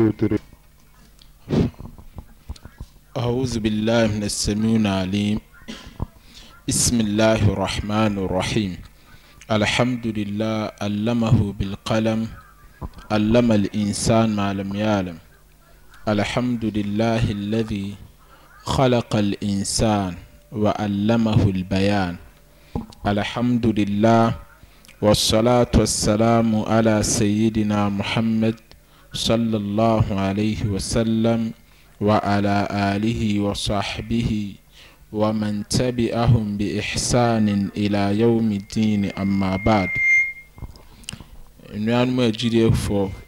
الشاطرين أعوذ بالله من السميع العليم بسم الله الرحمن الرحيم الحمد لله علمه بالقلم علم الإنسان ما لم يعلم الحمد لله الذي خلق الإنسان وعلمه البيان الحمد لله والصلاة والسلام على سيدنا محمد صلى الله عليه وسلم وعلى آله وصحبه ومن تبعهم بإحسان إلى يوم الدين أما بعد نعم أجري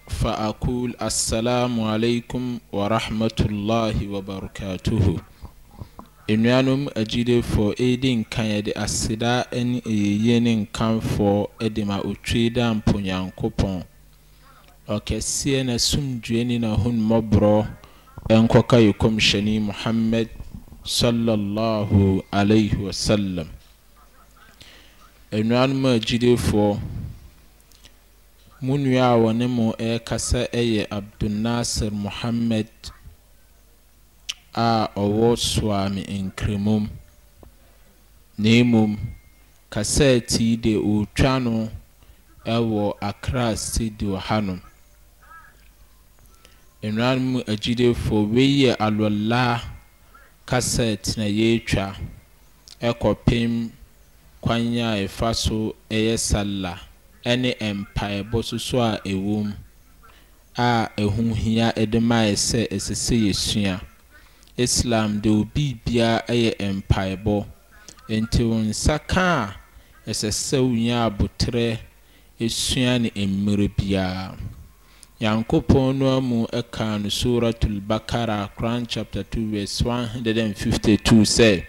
فأقول السلام عليكم ورحمة الله وبركاته nnuanom agyilefoɔ ɛredi nkan yɛde aseda ne ɛyɛyɛ ne nkanfoɔ de ma otwi da mponyankopɔn ɔkɛseɛ na sumdwueni na ɔhonmmɔborɔ ɛnkɔka yɛ kɔmhyɛne muhammad sallallahu alaihi wasallam anuanom a agyidefoɔ mu nua a wɔne mo ɛrekasa yɛ abdulnasir muhammad a ɔwɔ swami nkremom na mmom kasɛɛti de ɔretwa no wɔ accra studio hanom nnwura no mu agyilefoɔ wei alɔla kasɛt na yɛretwa ɛkɔpem kwan a ɛfa so ɛyɛ sala ɛne mpaebɔ soso a ɛwɔ mu a ɛho hia ɛde maa sɛ ɛsɛ sɛ yɛsua islam de obi biara ɛyɛ mpaebɔ nti wɔn nsa ka a ɛsɛ sɛ wɔn nyɛ abotire esua ne mmerɛ biara nyankopɔn no amu ɛka no suratul bakara quran chapter 2 verse 152 sɛ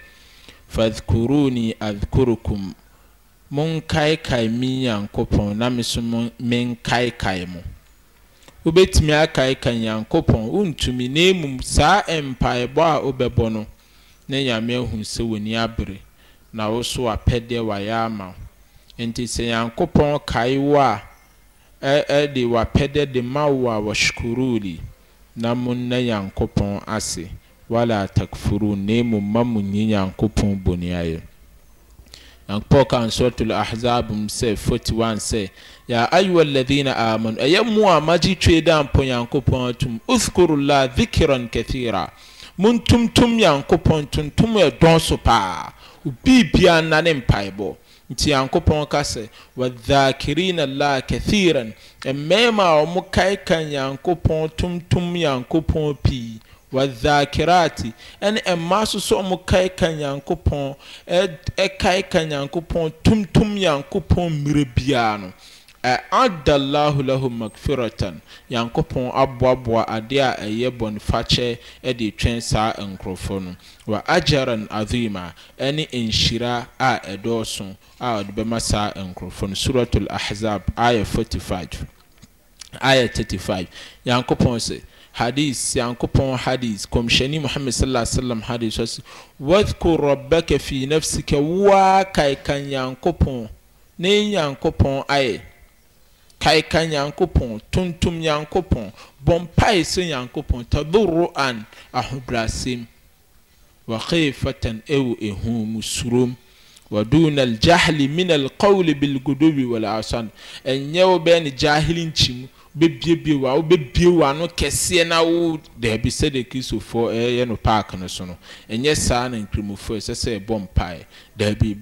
fadhkuruni adhkurukum monkaekae me nyankopɔn na me so menkaekae mo wobɛtumi akaekae nyankopɔn wontumi na mmom saa mpaebɔ a wobɛbɔ no ne nyame ahu sɛ w'ani abere na wo so apɛdeɛ wayɛ ama wo nti sɛ nyankopɔn kae wo a ɛde wapɛdɛ de ma wo a wɔshukuruli na nna nyankopɔn ase wala takfuru ne emu ma mu nyi nyankopɔn bɔne ayɛ nyankopɔn kan suratul ahzab sɛ sɛ 41 sɛ ya ayuwa alladhina amanu ɛyɛ mu a magye twe da mpo nyankopɔn atum uskurullah dhikran kathira montumtum nyankopɔn tuntum so paa obiibia nna ne mpaebɔ nti nyankopɔn ka sɛ wadhakirina llah kathiran mmarima a wɔn kaeka nyankopɔn tuntum nyankopɔn pii wadhakirati ɛne mmaa nso so wɔn kaeka nyankopɔn ɛkaeka nyankopɔn tuntum nyankopɔn mmerɛ biara no adallahu lahum magfiratan yankopɔn aboaboa adeɛ a ɛyɛ bɔnfakyɛ de twɛn saa nkurɔfoɔ no wa agyaran adhima ɛne nhyira a ɛdɔɔso a ɔde bɛma saa nkurɔfoɔ no suratul ahzab ayɛ 45 ayɛ 35 yankopɔn sɛ hadis yankopɔn hadis kɔmhyɛni muhammad sallallahu alaihi wasallam hadis ɔsi wadhkur rabbaka fi nafsika waa kaekan yankopɔn ne yankopɔn ayɛ kaika nyankopɔn tuntum nyankopɔn bɔmpae sɛ nyankopɔn tadoro an ahobrɛasɛm wa khifatan ɛwɔ ɛhu mu surom wadun aljahli min alqawli bilgudubi walasan ɛnyɛ wo bɛɛ ne jahili nkyi mu wobɛbiebie wo a wobɛbie wo ano kɛseɛ na wo daabi sɛde kristofoɔ ɛyɛ no park no so no ɛnyɛ saa na nkremufoɔ ɛsɛ sɛ ɛbɔ mpae daabi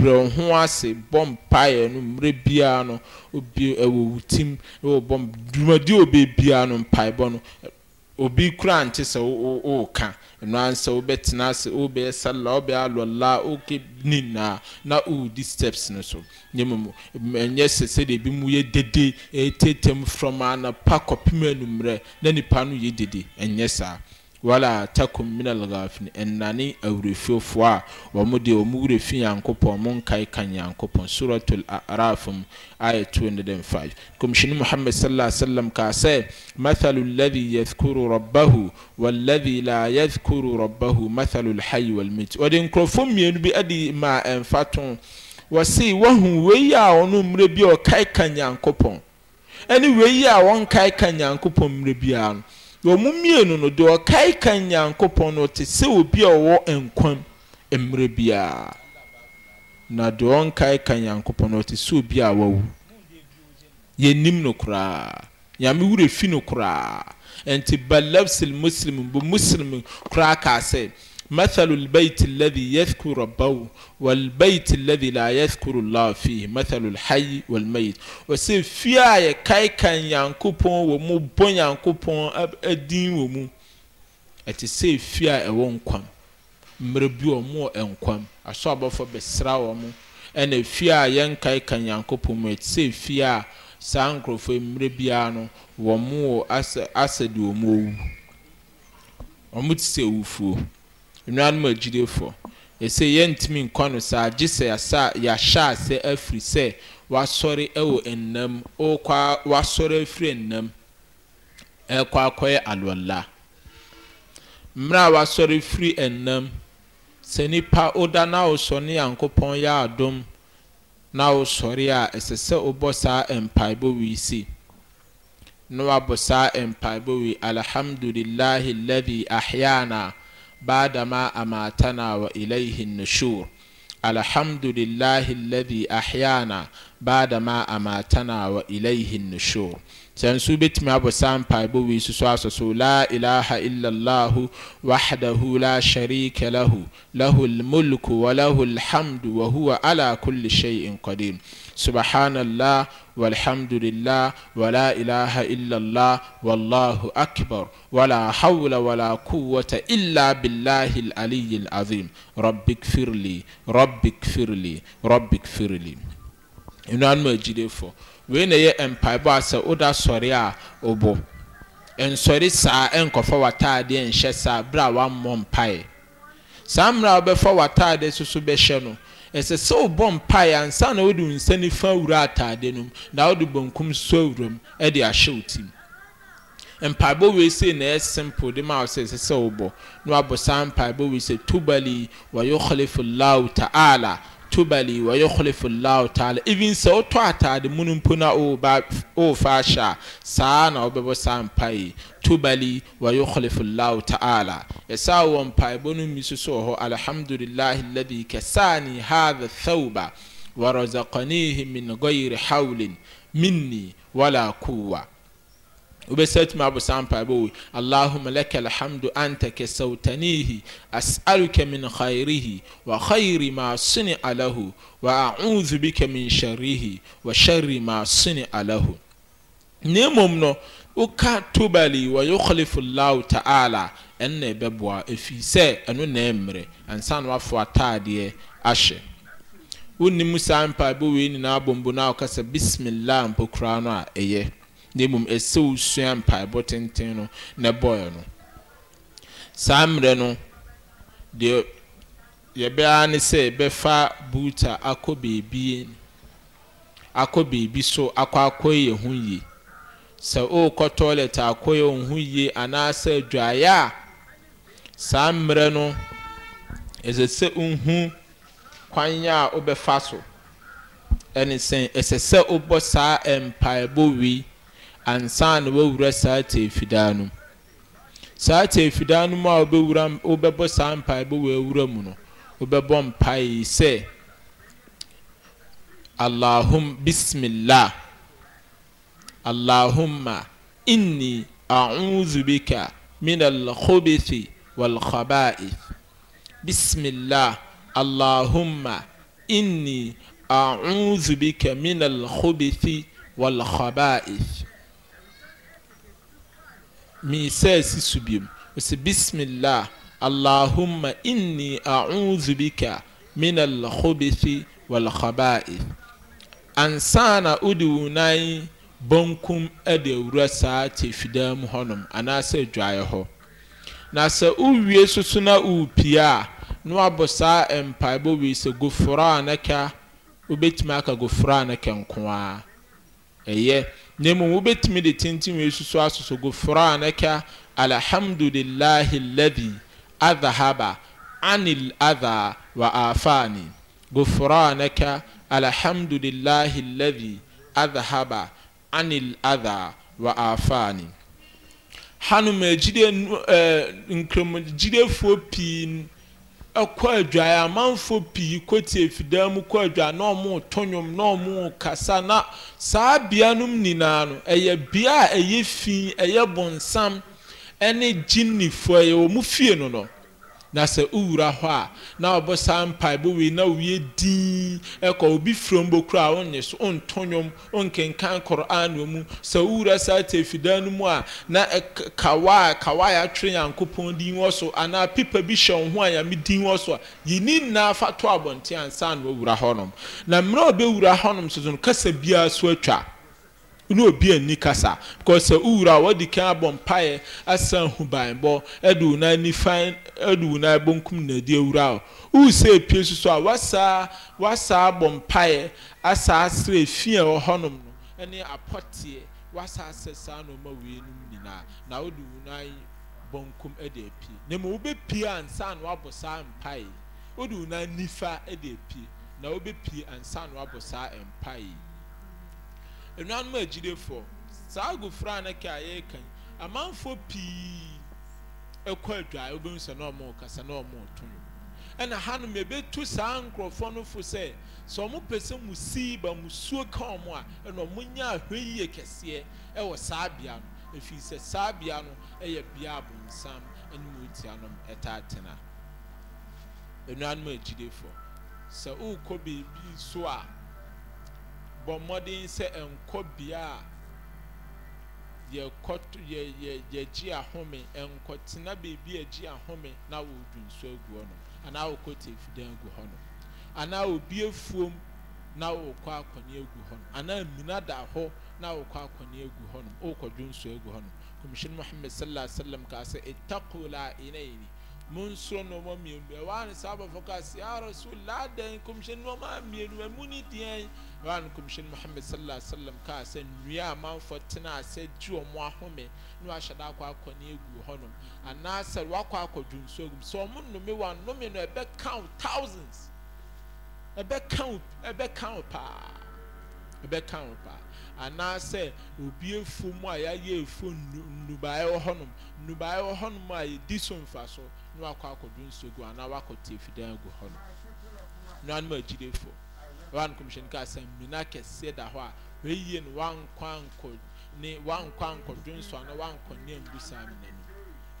brɛ wo ho ase bɔ mpaeɛ no mmerɛ biara no obi ɛwɔ wo tim ɛwɔ bɔ dwumadi obɛ biara no mpaebɔ no obi kura nti sɛ ɔɔka ɛnua sɛ ɔbɛtena ase ɔbɛyɛ sala ɔbɛyɛ alɔla ɔke nyinaa na ɔɔdi steps no so nye mu ɛnyɛ sɛsɛ de ebi mu yɛ dede ɛɛtetɛm from anapa kɔpem anummerɛ na nipa no yɛ dede ɛnyɛ saa. wala takum minal ghafin ɛnnane awerɛfiofoɔ a wɔn de wɔn werɛ fi nyankopɔn mo nkae ka nyankopɔn suratul araf ayɛ 205 kɔmhyɛni muhammad sallallahu alaihi wasallam kaa sɛ mathalu alladhi yadhkuru rabbahu walladhi la yadhkuru rabbahu mathalu alhayy walmit wɔde nkurɔfoɔ mmienu bi ade ma ɛmfa to wɔse wɔhu wei a ɔno mmerɛ bi a ɔkae ka nyankopɔn ɛne wei a wɔnkae ka nyankopɔn mmerɛ biara no wɔn mmienu no deɛ ɔkaeka nyankopɔn no te sɛ obi a ɔwɔ nkwan mmerɛ biara na deɛ ɔnkaeka nyankopɔn no te sɛ obi a wawu yɛnim no koraa nyame werɛ fi no koraa nti balabsil muslim bu muslim koraa kaa sɛ مثل البيت الذي يذكر ربه والبيت الذي لا يذكر الله فيه مثل الحي والميت وسي فيا يكاي كان يانكوبون ومو بون يانكوبون ادين ومو ati sɛ fie a ɛwɔ nkwam mmerɛ bi wɔ mu wɔ nkwam aso abɔfo bɛsra wɔ mo ɛna fie a yɛnkae ka nyankopɔn mu ati sɛ fie a saa nkurɔfoɔ mmerɛ biara no wɔ mo wɔ asɛ asɛ de wɔ mu owu wɔn ti sɛ owufuo nnuanom agyilefoɔ ɛsɛ yɛntumi nkɔ no saa gye sɛ yɛahyɛ asɛ afiri sɛ wasɔre ɛwɔ nnam ɔkɔ wasɔre afiri nnam ɛkɔ akɔyɛ alɔla mmerɛ a wasɔre firi nnam sɛ nipa ɔda na ɔsɔ ne yankopɔn yɛ adom na ɔsɔre a ɛsɛ sɛ ɔbɔ saa mpaebɔ wii si na wabɔ saa mpaebɔ wii alhamdulilahi ladi ahyaana. بعدما أماتنا وإليه النشور الحمد لله الذي أحيانا بعدما أماتنا وإليه النشور sɛ nso wobɛtumi abɔ saa mpaebɔ wei susu asɔ so la ilaha illallah wahdahu la sharika lahu lahu almulku wa lahu alhamdu wa huwa ala kulli shay'in qadir subhanallah walhamdulillah wala ilaha illallah wallahu akbar wala hawla wala quwwata illa billahi al-aliyi al-azim rabbik firli rabbik firli rabbik firli nnuanum agyilefo wei na yɛ mpaebɔ a sɛ woda sɔre a wobɔ nsɔre saa nkɔfa w'ataadeɛ nhyɛ saa bere a wammɔ mpae saa mmerɛ a wobɛfa w'ataadeɛ soso bɛhyɛ no ɛsɛ sɛ wobɔ mpaeɛ ansa na wode wo nsa nifa wura ataade no mu na wode bankum so awura mu de ahyɛ wo tim mpaebɔ wei sei na ɛyɛ simple de ma wo sɛ ɛsɛ sɛ wobɔ na wabɔ saa mpaebɔ wei sɛ tubali wa yukhlifu llahu ta'ala tubali wa yukhlifu Allah ta'ala even sɛ wotɔ ataade mu no mpo na ɔreba ɔrefa ahyɛ a saa na wɔbɛbɔ saa mpae tubali wa yukhlifu Allah ta'ala yɛsa wɔ mpaebɔ no mi soso wɔ hɔ alhamdulillahi alladhi kasani hadha thawba wa razaqanihi min ghayri hawlin minni wala quwwa وبساتم أبو سامبا بوي اللهم لك الحمد أنت كسوتنيه أسألك من خيره وخير ما صنع له وأعوذ بك من شره وشر ما صنع له نمم نو woka tobali wa yukhlifu llahu ta'ala ɛnna ɛbɛboa ɛfiri sɛ ɛno na ɛmmerɛ ansa na wafo ataadeɛ ahyɛ wonni mu saa mpaebɔ wei nyinaa bɔmbo no a wokasa bismillah mpɔkura no a ɛyɛ na mmom ɛsɛ osua mpaebɔ tenten no na bɔɔl no saa mmerɛ no deɛ yɛbɛa ne sɛ yɛbɛfa buuta akɔ beebi akɔ beebi so akɔ akɔ yɛ ho yie sɛ ɔrekɔ toilet akɔ yɛ ho yie anaasɛ adwaeɛ a saa mmerɛ no ɛsɛ sɛ nhu kwan a wobɛfa so ɛne sɛn ɛsɛ sɛ wobɔ saa mpaebɔ wei ansa na wawura saa tee fidaa no saa tee fidaa no mu a wobɛwura wobɛbɔ saa mpae bɛ wɔ awura mu no wobɛbɔ mpae sɛ allahum bismillah allahumma inni a'udhu bika min al-khubithi wal allahumma inni a'udhu bika min al-khubithi mmiɛnsa a ɛsi so biom wɔsi bisimilah allahumma inni a'udhu bika min al-khubithi wal-khaba'ith ansa na wode wo nan bonkum de awura saa kyefidaa mu hɔnom anaasɛ adwaeɛ hɔ na sɛ wowie soso na wopie a na wabɔ saa mpaebɔ wei sɛ gofora anaka wobɛtumi aka gofora anaka nko ara ɛyɛ na mmom wobɛtumi de tenten wei susu asosɔ gofranaka alhamdulillahi alladhi adhahaba anil adha wa afani gofranaka alhamdulillahi alladhi adhahaba anil adha wa afani hanum agyide eh, ɛɛ eh, nkramogyidefo pii ɛkɔ adwa amanfo pii kɔti afidaa mu kɔ adwa na ɔmo to nnwom na ɔmo kasa na saa bea no nom nyinaa no ɛyɛ bea a ɛyɛ fi ɛyɛ bɔnsam ɛne gyinifoɔ ɛyɛ wɔn fie no no na sɛ wowura hɔ a na wɔbɔ saa mpaebɔ wei na wowie dinn ɛkɔ obi firom bɔ kura a wonye so wonto nnwom wonkenkan koran wɔ mu sɛ wowura saa tefidan no mu a na kawa a kawa a yɛatwerɛ nyankopɔn din wɔ so anaa pipa bi hyɛ wo ho a yame din wɔ so a yɛni nyinaa fa to abɔnten ansa na wɔwura hɔnom na mmerɛ a wɔbɛwura hɔnom so so no kasa biara so atwa ne obi ani kasa because sɛ wowura a wɔde kan abɔ mpaeɛ asan ho banbɔ ɛde wo nan nifa ɛde wo nan bonkum na adi awura o wowu sɛ epie soso a wasaa wasaa abɔ mpaeɛ asaa srɛ fi a ɛwɔ hɔnom no ɛne apɔteɛ wasaa sɛ saa nneɛma wei nom nyinaa na wode wo nan bonkum ɛde apie na ma wobɛpie ansa na wabɔ saa mpaeɛ wode wo nifa ɛde apie na wobɛpie ansa na wabɔ saa mpaeɛ nnuanom agyilefoɔ saa agufra a naka a yɛreka yi amanfoɔ pii ɛkɔ adwa wobɛhu sɛ na ɔmo kasa na ɔmo to ɛna hanom yɛbɛtu saa nkurɔfoɔ no fo sɛ sɛ ɔmo pɛ sɛ mo sii ba mo suo ka ɔmo a ɛna ɔmo nya ahwɛ yie kɛseɛ ɛwɔ saa bea no ɛfiri sɛ saa bea no ɛyɛ bea abonsam ɛne mo tia nom ɛtaa tena nnuanom agyilefoɔ sɛ worekɔ beebi so a bɔ mmɔden sɛ nkɔ bea a yɛkɔ yɛ yɛ yɛgye ahome nkɔ tena beebi yɛgye ahome na wɔredwi nsu agu hɔnom anaa wɔkɔ tefidan agu hɔnom anaa obi efuom na wɔkɔ akɔne agu hɔnom anaa mmina da hɔ na wɔkɔ akɔne agu hɔnom wɔkɔdwi nsu agu hɔnom komishin muhammed sallallahu alaihi wa sallam kaa sɛ etakola ina yi ni mun so nneɛma mmienu ɛwɔ ano saa abɔfo ka se arasu laadan kɔmhyɛn nneɛma mmienu ɛmu ni deɛn ɛwɔ ano kɔmhyɛn muhammed sallallahu alaihi wa sallam ka sɛ nnua amanfo tena ase gye wɔn ahome na wahyɛ dɛ akɔ akɔne egu hɔnom anaasɛ wakɔ akɔ dwonso egu sɛ wɔn nnome wɔn nnome no ɛbɛka wo thousands ɛbɛka wo ɛbɛka wo paa ɛbɛka wo paa anaasɛ obi efu mu a yɛayɛ efu nnubaeɛ wɔ hɔnom nnubaeɛ wɔ hɔnom a yɛdi so mfa so na wakɔ akɔdu nsuo gu anaa wakɔ te fidan gu hɔ no nuanom agyilefo wa no kɔmhyɛn kaa sɛ mmina kɛseɛ da hɔ a wɔyie no wankɔ ankɔ ne wankɔ ankɔdu nsuo anaa wankɔ ne mbusa amina no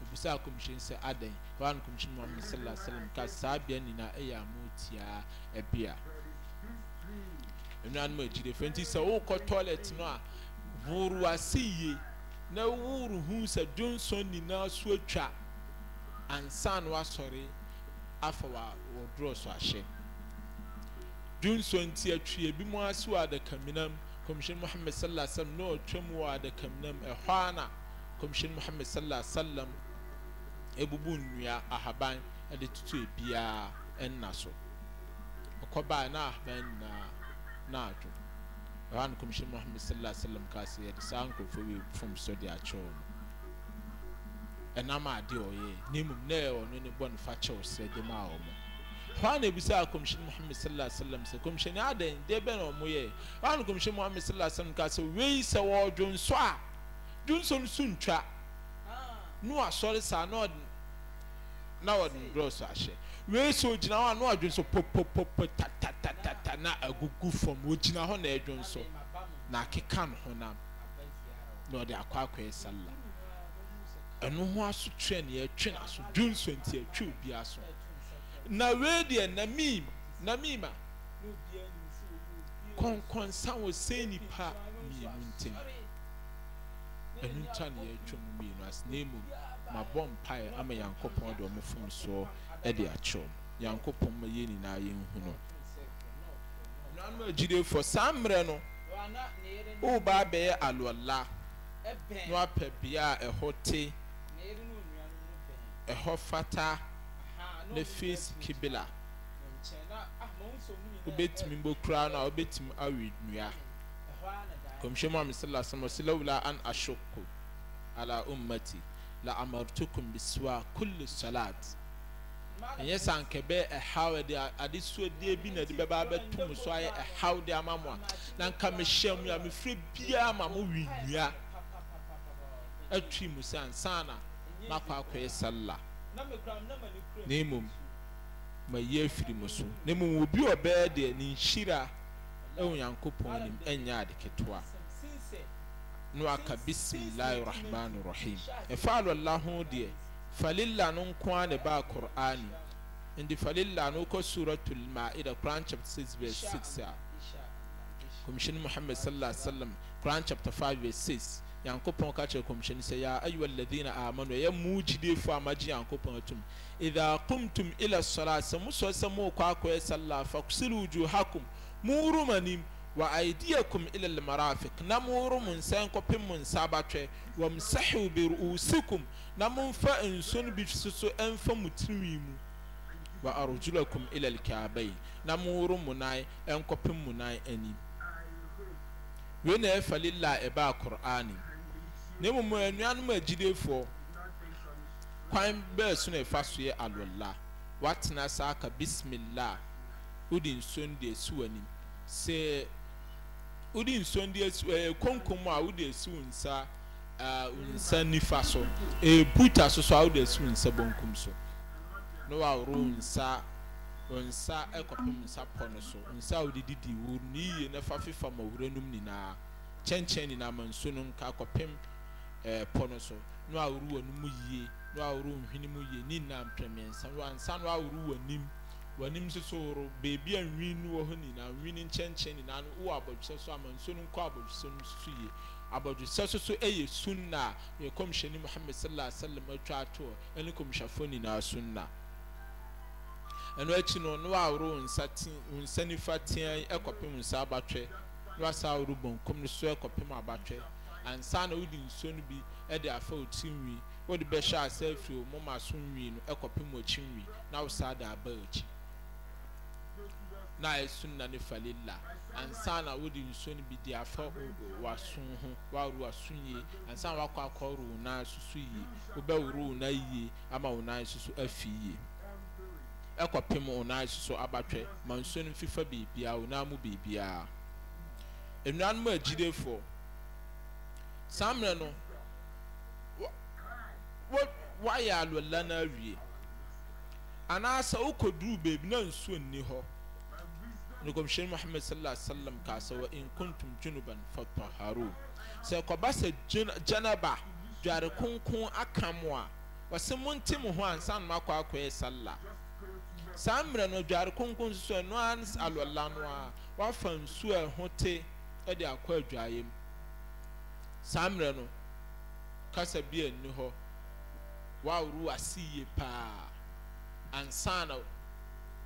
ebusa kɔmhyɛn sɛ adan wa no kɔmhyɛn mu ɔmo sɛlɛ asɛlɛm ka saa bea nyinaa ɛyɛ amotia ɛbea nuanom agyilefo nti sɛ wɔrekɔ toilet no a wɔrɔ ase yie na wɔrɔ hu sɛ dunson nyinaa so atwa. Ansan wasɔre afa wa wɔdurɔ so ahyɛ dunso nti atwi ebi mu ase wɔ adakamina mu kɔmhyɛn muhammed sallallahu alaihi wa sallam mu wɔ adakamina mu ɛhɔ ana kɔmhyɛn muhammed sallallahu alaihi wa sallam ebubu nnua ahaban ɛde tutu ebiaa ɛnna so ɔkɔbaa na ahaban nyinaa na adwo ɛhɔ ana kɔmhyɛn muhammed sallallahu alaihi wa sallam kaa sɛ yɛde saa nkurɔfoɔ fom so de akyerɛw ɛnam ade ɔyɛ ne mu na ɔno ne bɔ ne fa kyɛw srɛ de ma ɔmo hwan na ebisa kɔmhyɛn muhammed sallallahu alaihi sallam sɛ kɔmhyɛn adan deɛ bɛn na ɔmo yɛ hwan na kɔmhyɛn muhammed sallallahu alaihi sallam ka sɛ wei sɛ wɔɔdwo nso a dwo nso no so ntwa ah. no asɔre saa na ɔde na ɔde ndrɔs ahyɛ wei sɛ ogyina hɔ a no ɔdwo nso popopopo tatatata na agugu fam ogyina hɔ na ɛdwo nso na akeka no honam na ɔde akɔ akɔyɛ sallam ɛno ho aso twɛ ne yɛtwe n'aso dun so nti ɛtwe obi aso na wei na mim na mim a kɔnkɔnsa wɔ sɛ nipa mmienu ntɛm ɛno nta ne yɛtwe mu mmienu ase na emu ma bɔ mpae ama yankopɔn de ɔmo fom soɔ ɛde akyerɛw yankopɔn ma yɛn nyinaa yɛn hu no nanom agyidefoɔ saa mmerɛ no woba abɛyɛ alɔla na wapɛ bea ɛhɔ te ɛhɔ fata ne face kibila wobɛtumi bɔ kura na wobɛtumi awe nnua kɔmhyɛ mu a mesala sɛm ɔsɛ lawla an ashoko ala ummati la amartukum biswa kulli salat ɛnyɛ sɛ anka bɛyɛ ɛhaw ɛde adesuadeɛ bi na ɛde bɛba abɛto mu so ayɛ ɛhaw de ama mo a na nka mehyɛ mu a mefrɛ biara ma mo we nnua atwi mu sɛ ansana makɔ akɔyɛ sallah na mmom ma yi afiri mu so na mmom obi ɔbɛyɛ deɛ ne nhyira ɛwɔ nyankopɔn nim ɛnyɛ ade ketewa no aka bisimilahi rahman rahim ɛfa alɔla ho deɛ falila no nko ara na ɛbaa kor'ani ndi falila no kɔ suratul ma'ida quran chapter six verse six a komishin muhammad sallallahu alaihi wa sallam quran chapter five verse six nyankopɔn ka kyerɛ kɔmhyɛni sɛ yaa ayuwa alladhina amanu ɛyɛ mu gyidiefo a magye nyankopɔn atom idha qumtum ila salat sɛ mosɔ sɛ mookɔ akɔyɛ salla faksilu wujuhakum muwurum anim wa aidiakum ila almarafiq na muworo mo nsa nkɔpem mo nsa abatwɛ wamsahu bi ruusikum na momfa nsuo no bi soso ɛmfa mo tirinwi mu wa arjulakum ila alkaabayi na muworo mo nan ɛnkɔpem mo nan anim wei lila ɛbaa qur'ani na mmom anuanom agyidefoɔ kwan bɛɛ so na ɛfa so yɛ alɔla watena saa ka bismillah wodi nsuo de esi w'anim sɛ wodi nsuo de esi ɛɛ eh, konkom a wodi esi wo nsa ɛɛ ah, wo nsa nifa so ɛɛ eh, buta so so a wodi esi wo nsa benkum so na waworo wo nsa wo nsa ɛkɔpem nsa pɔ no so nsa a wodi didi wo ne na fa fifa ma wura nom nyinaa kyɛnkyɛn nyinaa ma nsuo no nka akɔpem. Eh, pɔ no so na ahoro wɔn mu yie na ahoro nhwene mu yie ne nyinaa mpɛmɛnsa wansa na ahoro wɔ nim wɔ nim nso so woro beebi a nwin no wɔ hɔ nyinaa nwin no nkyɛnkyɛn nyinaa no wɔ abɔdwesɛ so ama nsuo no nkɔ abɔdwesɛ no soso yie abɔdwesɛ so yɛ sunna yɛ kɔmhyɛni muhammed sallallahu alaihi wa sallam atwa atoɔ ɛne kɔmhyɛfoɔ nyinaa sunna ɛno akyi no na wahoro wɔn nsa ten wɔn nsa nifa teɛ ɛkɔpem nsa abatwɛ na asa ahoro bɔnkɔm no so kɔpem abatwɛ ansa na wode nsuo no bi de afa wo nwi wode bɛhyɛ asa afiri wo moma so nwi no kɔpem akyi nwi na wo saa aba akyi na ayɛ na ne ansa na wode nsuo no bi de afa waso ho waso yie ansa na wakɔ akɔworo wo nan soso yie wobɛworo wo nan yie ama wo nan soso afi yie ɛkɔpem wo nan abatwɛ ma nsuo no biribiara wo nan mu biribiara nnuanom agyidefoɔ saa mmerɛ no wɔ wɔayɛ alwala no awie anaasɛ wokɔduru baabi na nsuo nni hɔ ne kɔmhyɛn muhammad sallallahu alaihi sɛ wa in kuntum junuban fatahharu sɛ kɔba sɛ janaba dware konkon aka mo a wɔse monte mo ho ansa no makɔ akɔyɛ sallah saa mmerɛ no dware konkon so ɛno a alɔla no a wafa nsuo ɛho te de akɔ adwaeɛ mu saa mmerɛ no kasa bi ani hɔ waaworo wase yie paa ansa na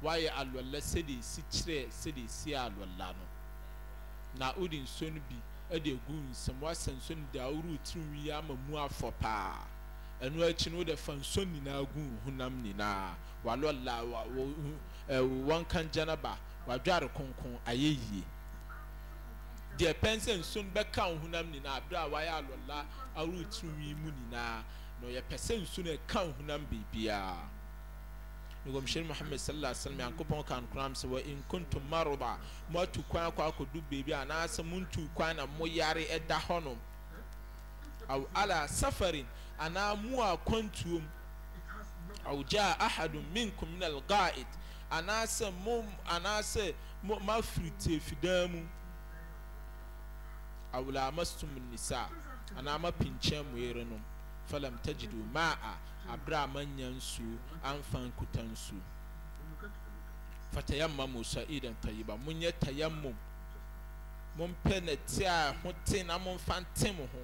wayɛ alɔla sɛdeɛ esi kyerɛ sɛdeɛ esi alɔla no na wode nsuo no bi ɛde egu nsɛm wasa nsuo no de aworo tirinwi ama mu afɔ paa ɛno akyi no wode fa nsuo nyinaa gu honam nyinaa wa wɔ ɛɛ wɔn kangyana ba wadware konkon ayɛ yie deɛ pɛn sɛ nsuo no bɛka wo honam nyinaa berɛ a wayɛ alɔla aworetiri mu nyinaa na ɔyɛpɛ sɛ nsuo no ɛka wo honam biribiara nkɔmhyɛni muhammed sallallahu alaihi wa sallam yankopɔn kan koram sɛ wa nkonto maroba mo atu kwan akɔ akɔdu beebi anaasɛ mo ntu kwan na mo yare ɛda hɔnom aw ala safarin anaa mo a kwantuom aw gyaa ahadun minkum min algaid anaasɛ mo anaasɛ mo mafiri tefidan awula amastum nisa anaa mapinkyɛn mu yere nom falam tajidu ma'a abira a manya nsuo amfa nkuta nsuo fatayamma musa idan tayiba mun yɛ tayammum mun pɛ nɛte a ho te na mun fa nte mo ho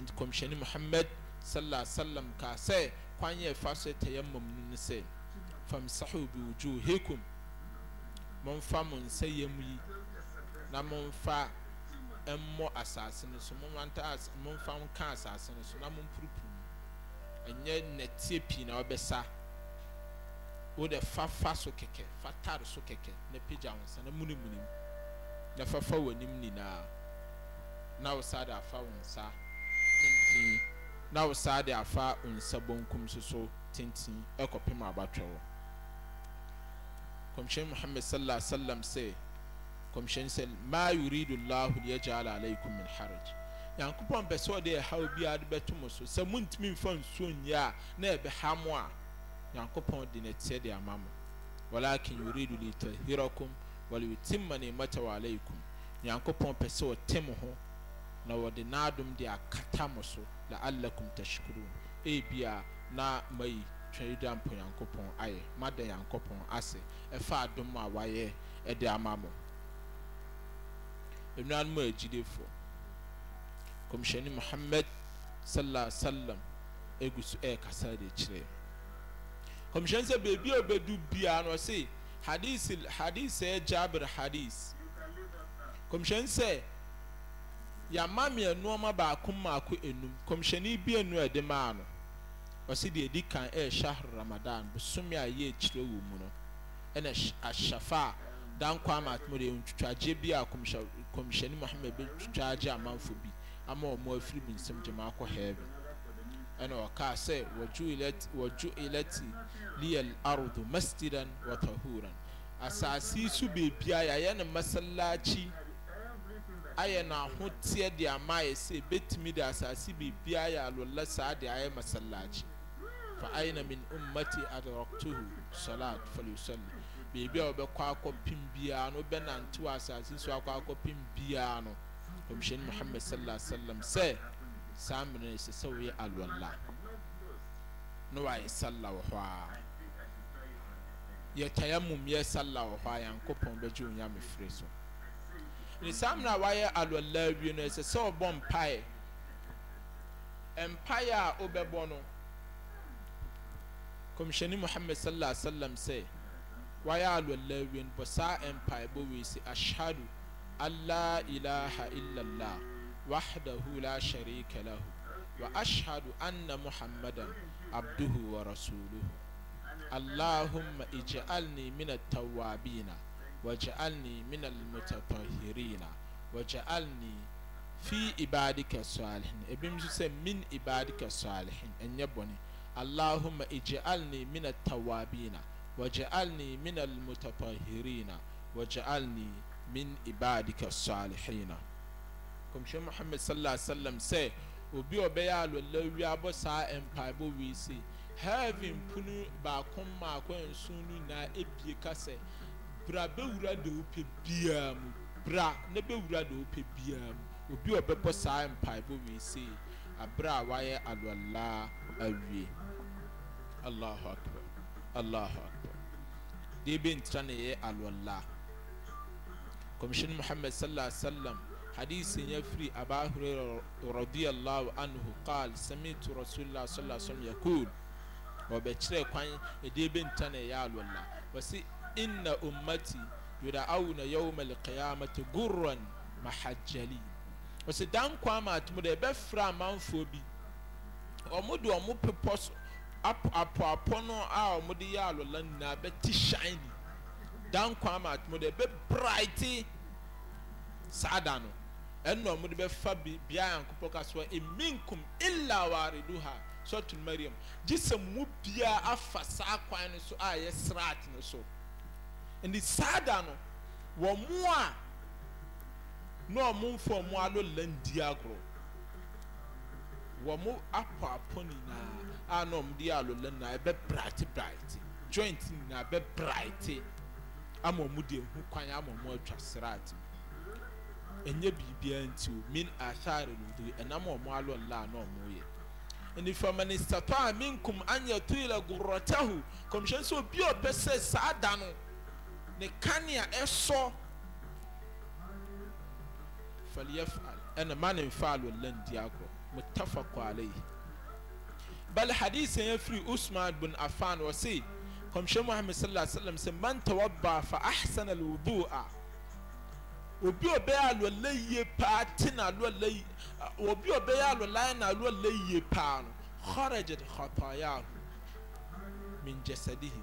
nti kɔmhyɛni muhammad sallallahu alaihi wasallam ka sɛ kwan yɛ fa so tayammum no ne sɛ famsahu bi wujuhikum mun fa mo nsa yam yi na momfa eh, mmɔ asase no so momfa nka asase no so na mompurupuru mu ɛnyɛ nnɛteɛ pii na wɔbɛsa wode fa fa so kɛkɛ fa tare so kɛkɛ na pagya wo nsa na munimuni mu na fafa w'anim nyinaa na wo saa de afa wo nsa tenten na wo saa de afa wo nsa bonkum so so tenten ɛkɔpem abatwɛ wo kɔmhyɛn muhammad sallallahu alaihi wasallam sɛ kɔmhyɛn sɛ maa yuridu llahu liyajala alaykum min haraj nyankopɔn pɛ sɛ ɔde ɛhaw biara de bɛto mo so sɛ montumi mfa nsuo nyɛ a na ɛbɛha mo a nyankopɔn de ne teɛ de ama mo walakin yuridu litahirakum waliyutimma ni'matahu alaykum nyankopɔn pɛ sɛ ɔte mo ho na wɔde n'adom de akata mo so la'allakum tashkurun ebia na mayi twɛn da nyankopɔn ayɛ mada nyankopɔn ase ɛfa adom a wayɛ ɛde ama mo nnuanom a agyidefoɔ kɔmhyɛni muhammad sallallahu alaihi wasallam egu so eh, ɛrekasa de kyerɛ kɔmhyɛni sɛ beebi a obedu bia no ɔse hadis hadis ɛyɛ eh, jabir hadis kɔmhyɛni sɛ yàmá mìíràn nneɛma baako mmaako enum kɔmhyɛni bi enu ɛde maa no ɔsi deɛ edi kan ɛyɛ eh, shahr ramadan bosomi a yɛ ekyirɛ wɔ mu no ɛna ahyafa a dankwa ama atomo deɛ bi a kɔmhyɛ kɔmhyɛni muhammed bi twaagye amanfo bi ama wɔn afiri bi nsam gyama akɔ heaven ɛna ɔkaa sɛ wɔdwo ilati wɔdwo ilati liyal arodo masjidan watahuran asaase yi so beebi a yɛayɛ ne masalakyi ayɛ n'ahoteɛ de ama ayɛ sɛ ebetumi de asaase beebi a yɛ alola saa de ayɛ masalakyi fa aina min ummati adarɔktuhu salat falusalli beebi a wɔbɛkɔ akɔpem biara no wɔbɛnante wɔ asase so akɔ akɔpem biara no kɔmhyɛn muhammed sallallahu alaihi wa sallam sɛ saa mmerɛ ɛsɛ sɛ wɔyɛ alwala na wɔayɛ sallah wɔ hɔ a yɛtaya mum yɛ sallah wɔ hɔ a yankɔpɔn bɛgye wɔn yam firi so ne saa mmerɛ a wɔayɛ alwala wie no ɛsɛ sɛ wɔbɔ mpaeɛ mpaeɛ a wɔbɛbɔ no kɔmhyɛn muhammed sallallahu alaihi wa sallam sɛ wayɛ alwala wie no bɔ saa mpaebɔ wei sɛ ashhadu an la ilaha illallah wahdahu la sharika lahu wa ashadu anna muhammadan abduhu wa rasuluhu اللهم اجعلني من التوابين واجعلني من المتطهرين واجعلني في عبادك الصالحين ابن سي من عبادك الصالحين ان يبني اللهم اجعلني من التوابين waj'alni min al-mutatahhirina waj'alni min ibadika salihina kɔmhyɛn muhammed sallallahu alaihi wa sallam sɛ obi ɔbɛyɛ alɔla wi abɔ saa mpaebɔ wi si heaven punu baako mmaako nson no nyinaa ebie kasa bra bɛwura de wopɛ biara mu bra na bɛwura de wopɛ biara mu obi ɔbɛbɔ saa mpaebɔ wi si abira a wayɛ alɔla awie allahu akbar allahu akbar dai bin tana ya yi alwala kwamishin muhammad sallallahu alaihi wasallam hadisin ya firi a bahuri radiyallahu anhu qal samitu rasulullah sallallahu alaihi wasallam yaqul wa bai cire kwan dai bin tana ya alwala wasi inna ummati yuda'auna yawmal qiyamati gurran mahajjali wasi dan kwa ma tumu da ya bɛ fira amanfoɔ bi wɔn de wɔn pepɔ so apɔapɔ no a wɔde yɛ alɔla nyinaa bɛte shiny dan kwan ma atom deɛ bɛbraite saa da no ɛnna wɔde bɛfa bi bea a nkopɔ ka so eminkum illa waredu ha sɔtun mariam gye sɛ mu bia afa saa kwan no so a ah, yɛ srat no so ɛnni saa da no wɔn mu a na wɔn mfɔ wɔn alɔla ndi agorɔ wɔn apɔapɔ nyinaa a na ɔmo de alola na ɛbɛ bright bright joint na ɛbɛ bright ama ɔmo de ehu kwan ama ɔmo atwa sraat mu ɛnyɛ biribiara nti o min ahyɛare no de ɛnam ɔmo alola na ɔmo yɛ nifama ne satɔ a minkum anya tuyila gorɔtahu kɔmhyɛn sɛ obi a ɔpɛ sɛ saa da no ne kanea ɛsɔ faliyɛ fa ɛna ma ne nfa alola ndi agorɔ mutafakɔ alayhi bal hadith yɛn firi usman bin afan wɔsi kɔmhyɛn muhammed sallallahu alaihi wa sallam sɛ man tawabba fa ahsan alwudu'a obi ɔbɛyɛ alɔla yie paa te na alɔla yi obi ɔbɛyɛ alɔla na alɔla yie paa no kharajat khatayahu min jasadihi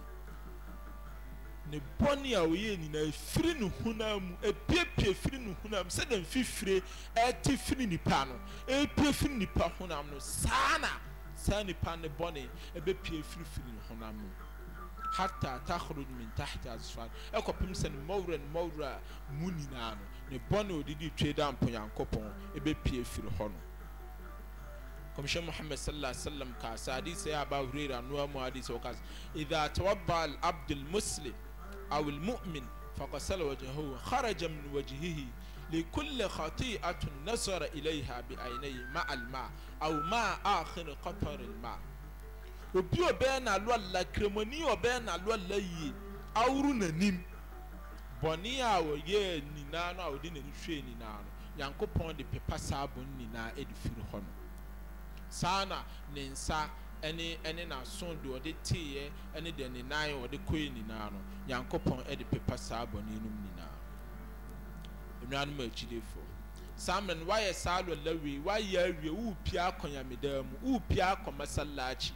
ne bɔne a ɔyɛ nyinaa firi ne honam mu epiepie firi ne honam sɛdeɛ mfifire ɛte firi nipa no epie firi nipa honam no saa na. saa nipa ne bɔne ɛbɛpie firifiri ne honam mu hata takhruj min tahti asfar ɛkɔpem sɛ ne mmɔwura ne mmɔwura mu nyinaa no ne bɔne odidi twe da mponyankopɔn ɛbɛpie firi hɔ no kɔmhyɛ muhammad sallallahu alaihi wasallam ka sa hadisi ya aba hurairah no mu hadisi wa kas idha tawadda al abd al muslim aw al mu'min faqasala wajhahu kharaja min wajhihi لكل خطيئة نصر إليها بعينيه مع الماء أو مع آخر قطر الماء obi ɔbɛyɛ n'alo ala kremoni ɔbɛyɛ n'alo ala yie awuru n'anim bɔnne a ɔyɛ nyinaa no a ɔde n'ani hwɛ nyinaa no yankopɔn de pepa saa bɔn nyinaa de firi hɔ no saa na ne nsa ɛne ɛne n'aso de ɔde teeɛ ɛne deɛ ne nan ɔde kɔɛ nyinaa no yankopɔn de pepa saa bɔn no nyinaa nnuanom akyidefo saa mmerɛ no woayɛ saa alɔla wie woayɛ awie worepia akɔ nyamedaa mu worepia akɔ masalakyi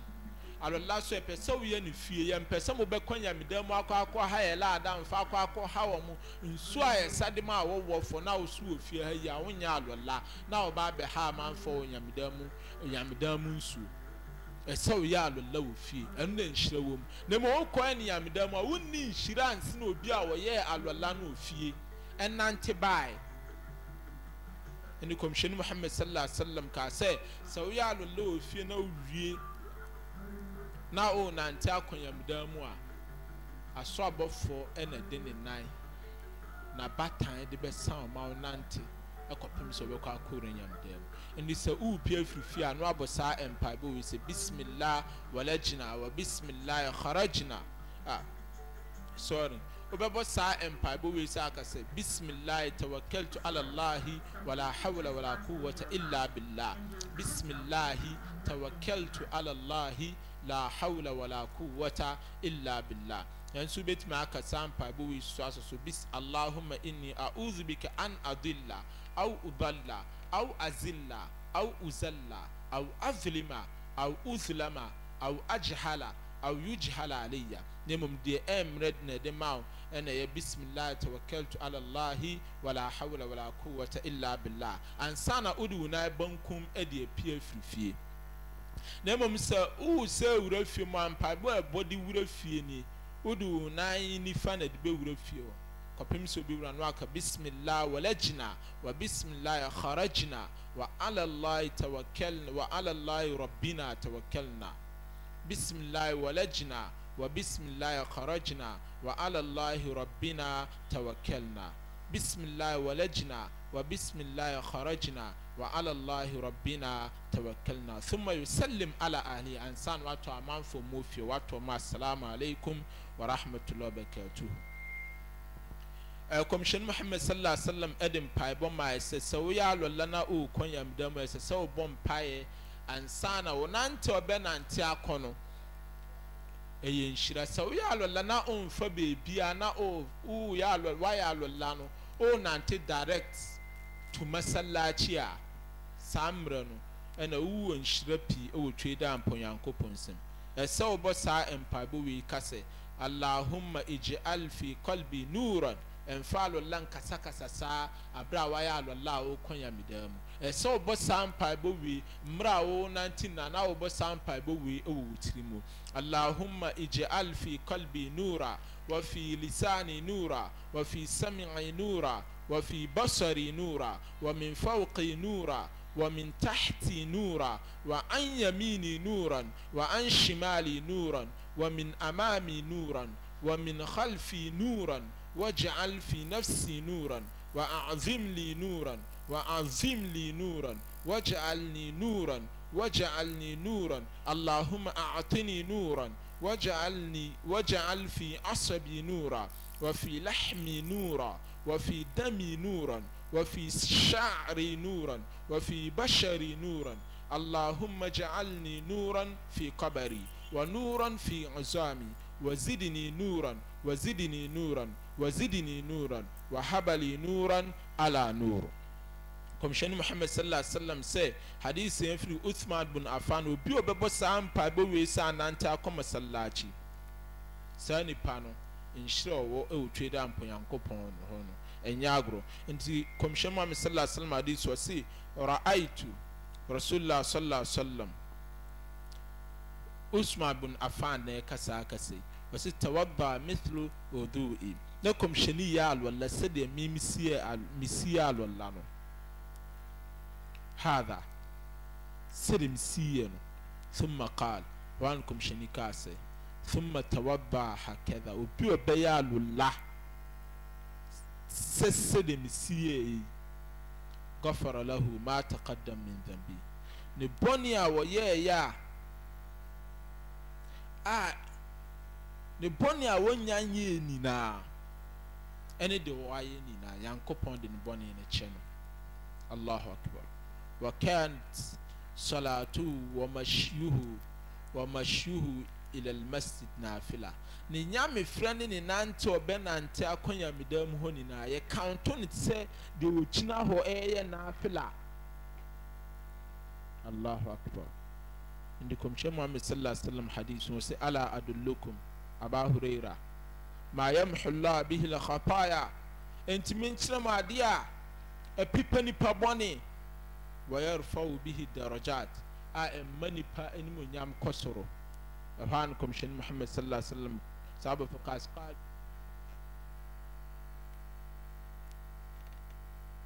alɔla so yɛpɛ sɛ woyɛ ne fie yɛmpɛ sɛ mobɛkɔ nyamedaa mu akɔ akɔ ha yɛ laadamfa akɔ akɔ ha wɔ mo nsuo a yɛsade ma a wɔwɔfo na woso wɔ fie ha yi a wonyɛ alɔla na wɔba abɛha amanfa wɔ nyamedaa mu nyamedaa mu nsuo ɛsɛ woyɛ alɔla wɔ fie ɛno na nhyira wɔ mu na ma wokɔɛ ne nyamedaa mu a wonni nhyira anse na obi a wɔyɛɛ alɔla no wɔ fie ɛnante bae ɛne kɔmhyɛni muhammad sallallahu alaihi wasallam kaa sɛ sɛ woyɛ alola wɔ fie na wowie na ɔrenante akɔnyamdan mu a aso abɔfoɔ ɛna de ne nan na batan de bɛsan ɔma ɔnante ɛkɔpem sɛ ɔbɛkɔ akɔre nyamdan mu ɛne sɛ woepie afiri fie a no abɔ saa mpaebɔ wei sɛ bismillah walajina wa bismillah kharajina ah sorry وبابو ساعة امبا بوي ساعة بسم الله توكلت على الله ولا حول ولا قوة إلا بالله بسم الله توكلت على الله لا حول ولا قوة إلا بالله yansu bɛtumi aka saa mpaebɔ wei so aso so bis allahumma inni a'udhu bika an adilla aw udalla aw azilla aw uzalla aw azlima aw uzlama aw ajhala aw yujhala alayya ne mmom deɛ ɛmmerɛ na ɛde ma wo أنا يا بسم الله توكلت على الله ولا حول ولا قوة إلا بالله أنسانا أدو نايبنكم أدي بيه في na mmom sɛ wowosɛ wura fie mu a mpaboa a ɛbɔ de wura fie ni wode wo nan nifa na de bɛwura fie hɔ kɔpem sɛ obi wura no aka bismillah walajina wa bismillah kharajina wa ala allahi tawakkalna wa ala allahi rabbina tawakkalna bismillah walajina وبسم الله خرجنا وعلى الله ربنا توكلنا بسم الله ولجنا وبسم الله خرجنا وعلى الله ربنا توكلنا ثم يسلم على أهلي أنسان واتو أمان فموفي واتو ما السلام عليكم ورحمة الله وبركاته kɔmhyɛn أه، محمد sallallahu alaihi wasallam ɛde mpaebɔ ma ɛsɛ sɛ woyɛ alɔla na ɔrekɔ yamdam ɛsɛ sɛ wobɔ mpaeɛ ansa na wonante ɔbɛnante akɔ no ɛyɛ nhyira sɛ woyɛ alɔla na ɔmfa beebia na woyɛ alɔla woayɛ alɔla no ɔnante direct to masalakyi a saa mmerɛ no ɛna wowɔ nhyira pii ɛwɔ twe da mpɔnyankopɔn nsɛm ɛsɛ wobɔ saa mpaebɔ wei ka sɛ allahumma ij'al fi qalbi nuran ɛmfa alɔla nkasakasa saa aberɛ a woayɛ alɔla a wokɔnya medaa mu Eh, sɛ wɔbɔ saa mpaebɔ wie mmerɛ a wɔnante na na wɔbɔ saa mpaebɔ wie wɔ wo tiri mu allahumma ij'al fi qalbi nura وفي لساني نورا وفي سمعي نورا وفي بصري نورا ومن فوقي نورا ومن تحتي نورا وعن يميني نورا وعن شمالي نورا ومن أمامي نورا ومن خلفي نورا واجعل في نفسي نورا وأعظم لي نورا وأنظم لي نورا واجعلني نورا واجعلني نورا اللهم أعطني نورا واجعلني واجعل في عصبي نورا وفي لحمي نورا وفي دمي نورا وفي شعري نورا وفي بشري نورا اللهم اجعلني نورا في قبري ونورا في عزامي وزدني نورا وزدني نورا وزدني نورا وهب لي نورا على نور kɔmhyɛni muhammed sallallahu alaihi wa sallam sɛ hadisi yɛn firi uthman bin afan obi a ɔbɛbɔ saa mpa bɛwie saa nante akɔ masalakyi saa nipa no nhyira ɔwɔ ɛwɔ twe dɛ amponyankopɔn no hɔ no ɛnyɛ agorɔ nti kɔmhyɛni muhammed sallallahu alaihi wa sallam hadisi ɔsi ra'aitu rasulillah sallallahu alaihi wa sallam uthman bin afan na ɛka saa kasa yi ɔsi tawaba mithlu odu e na kɔmhyɛni yɛ alwala sɛdeɛ mimi si yɛ alwala no hadha sɛde msiiɛ no thumma qal wan kɔmhyɛni kaa sɛ thumma tawabba hakadha obi a ɔbɛyɛ alola sɛ sɛde msiiɛ yi gɔfara lahu ma taqaddam min dhanbi ne bɔne a wɔyɛɛyɛ a a ne bɔne a wɔnya nyɛɛ nyinaa ɛne de wɔayɛ nyinaa nyankopɔn de ne bɔne no kyɛ no allahu akbar وكانت صلاته ومشيه ومشيه إلى المسجد نافلة ne nyame frɛ ne ne nante ɔbɛnante akɔnyameda mu hɔ nyinaa yɛkanto ne sɛ deɛ ɔgyina hɔ ɛyɛ naafila allahu akbar ndi kɔmhyɛ muhammad sallallahu alaihi wasallam hadith sɛ ala adullukum aba huraira ma yamhu llah bihi lkhataya nkyerɛ mu adeɛ a ɛpipa nipa bɔne wɔyɛrefaw bihi darajat a ɛmma nipa animonyam kɔ soro ɛhɔ a no kɔmhyɛne muhammad sallallahu alaihi wasallam saa abɛfo kaas